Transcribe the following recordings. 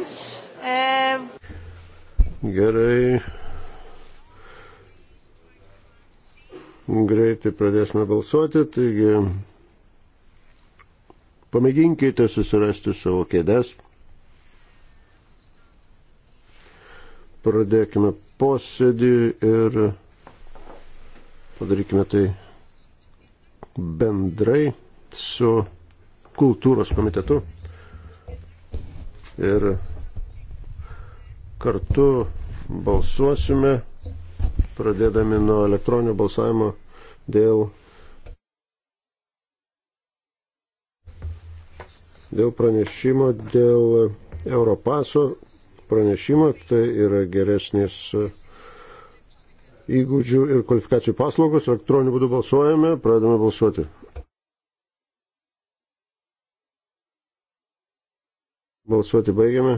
friends. Uh... Ehm, Gerai. Greitai pradėsime balsuoti, taigi pamėginkite susirasti savo kėdes. Pradėkime posėdį ir padarykime tai bendrai su kultūros komitetu ir kartu balsuosime, pradėdami nuo elektroninio balsavimo dėl, dėl pranešimo, dėl Europaso pranešimo, tai yra geresnis įgūdžių ir kvalifikacijų paslaugos, elektroniniu būdu balsuojame, pradedame balsuoti. Balsuoti baigiame.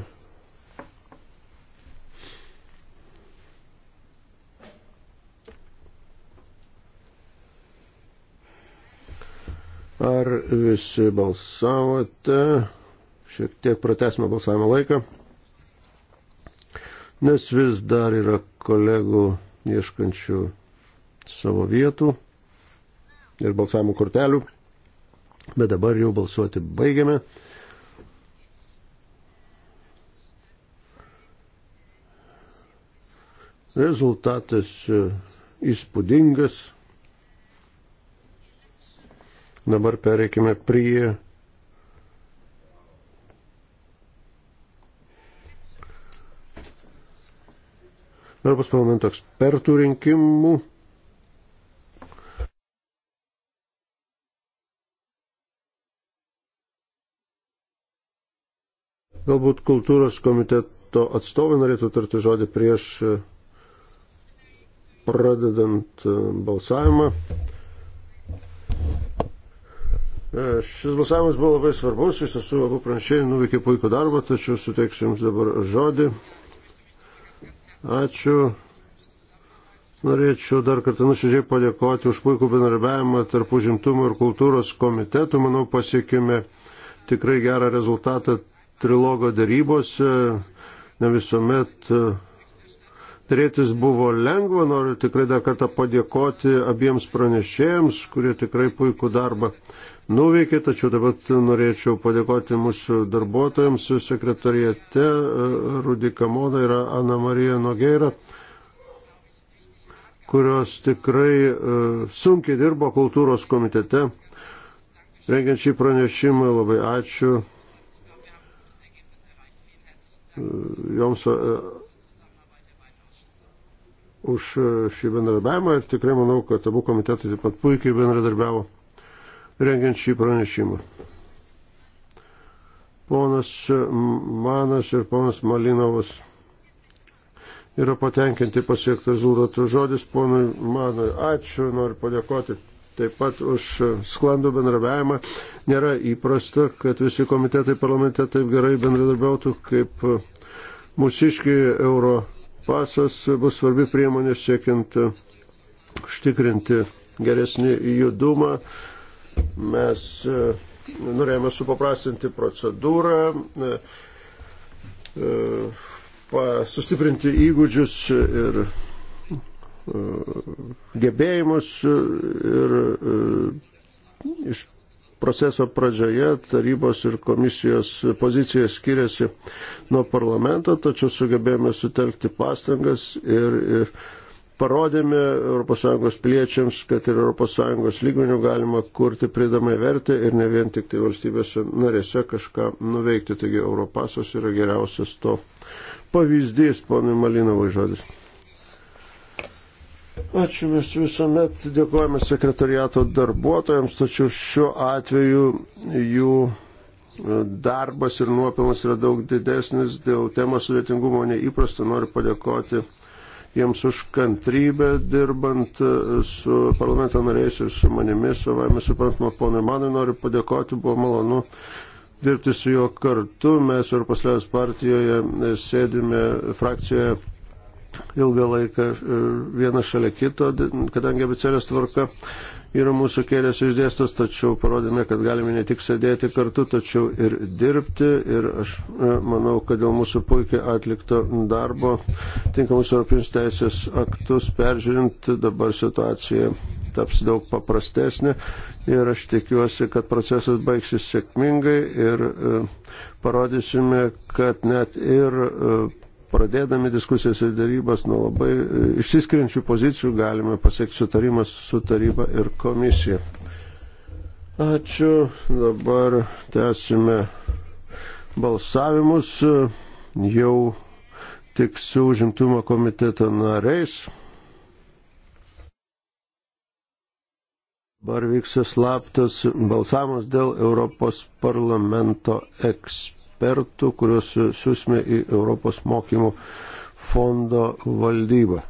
Ar visi balsavote? Šiek tiek pratesime balsavimo laiką, nes vis dar yra kolegų ieškančių savo vietų ir balsavimo kortelių, bet dabar jau balsuoti baigiame. Rezultatas e, įspūdingas. Dabar pereikime prie Europos parlamento ekspertų rinkimų. Galbūt kultūros komiteto atstovai norėtų tarti žodį prieš e, pradedant e, balsavimą. E, šis balsavimas buvo labai svarbus, iš tiesų abu pranešėjai nuveikė puikų darbą, tačiau suteiksiu Jums dabar žodį. Ačiū. Norėčiau dar kartą nuširdžiai padėkoti už puikų bendarbiavimą tarp užimtumo ir kultūros komitetų. Manau, pasiekime tikrai gerą rezultatą trilogo darybose. Ne visuomet e, Dėrėtis buvo lengva, noriu tikrai dar kartą padėkoti abiems pranešėjams, kurie tikrai puikų darbą nuveikė, tačiau dabar norėčiau padėkoti mūsų darbuotojams sekretariate e, Rudy Kamoda ir Ana Marija Nogeira kurios tikrai e, sunkiai dirbo kultūros komitete. Rengiant šį pranešimą labai ačiū e, joms už e, šį bendradarbiavimą ir tikrai manau, kad abu komitetai taip pat puikiai bendradarbiavo rengiant šį pranešimą. Ponas e, Manas ir ponas Malinovas yra patenkinti pasiektą rezultatų. Žodis ponui Manui. Ačiū, noriu padėkoti taip pat už e, sklandų bendradarbiavimą. Nėra įprasta, kad visi komitetai parlamente taip gerai bendradarbiautų kaip mūsiškiai Euro pasas bus svarbi priemonė siekiant e, užtikrinti geresnį judumą. Mes e, norėjome supaprastinti procedūrą, e, sustiprinti įgūdžius ir gebėjimus ir iš proceso pradžioje tarybos ir komisijos pozicija skiriasi nuo parlamento, tačiau sugebėjome sutelkti pastangas ir, ir parodėme ES piliečiams, kad ir ES lygmenių galima kurti pridamą vertę ir ne vien tik tai valstybėse narėse kažką nuveikti. Taigi Europasas yra geriausias to pavyzdys, ponui Malinovai žodis. Ačiū, mes visuomet dėkojame sekretariato darbuotojams, tačiau šiuo atveju jų e, darbas ir nuopelnas yra daug didesnis dėl temos sudėtingumo neįprasta. Noriu padėkoti jiems už kantrybę dirbant e, su parlamento nariais ir su manimi, savai mes suprantama, ponai manai, noriu padėkoti, buvo malonu dirbti su juo kartu. Mes Europos Liaudės partijoje e, sėdime frakcijoje ilgą laiką e, vieną šalia kito, kadangi abicelės tvarka yra mūsų kėdės išdėstas, tačiau parodėme, kad galime ne tik sėdėti kartu, tačiau ir dirbti. Ir aš e, manau, kad dėl mūsų puikiai atlikto darbo, tinkamus Europinius teisės aktus peržiūrint, dabar situacija taps daug paprastesnė ir aš tikiuosi, kad procesas baigsis sėkmingai ir e, parodysime, kad net ir pradėdami diskusijas ir darybas nuo labai e, išsiskiriančių pozicijų galime pasiekti sutarimas su taryba ir komisija. Ačiū. Dabar tęsime balsavimus jau tik su užimtumo komiteto nariais. Dabar vyksta slaptas balsavimas dėl Europos parlamento ekspertų ekspertų, kuriuos siūsime į Europos mokymų fondo valdybą.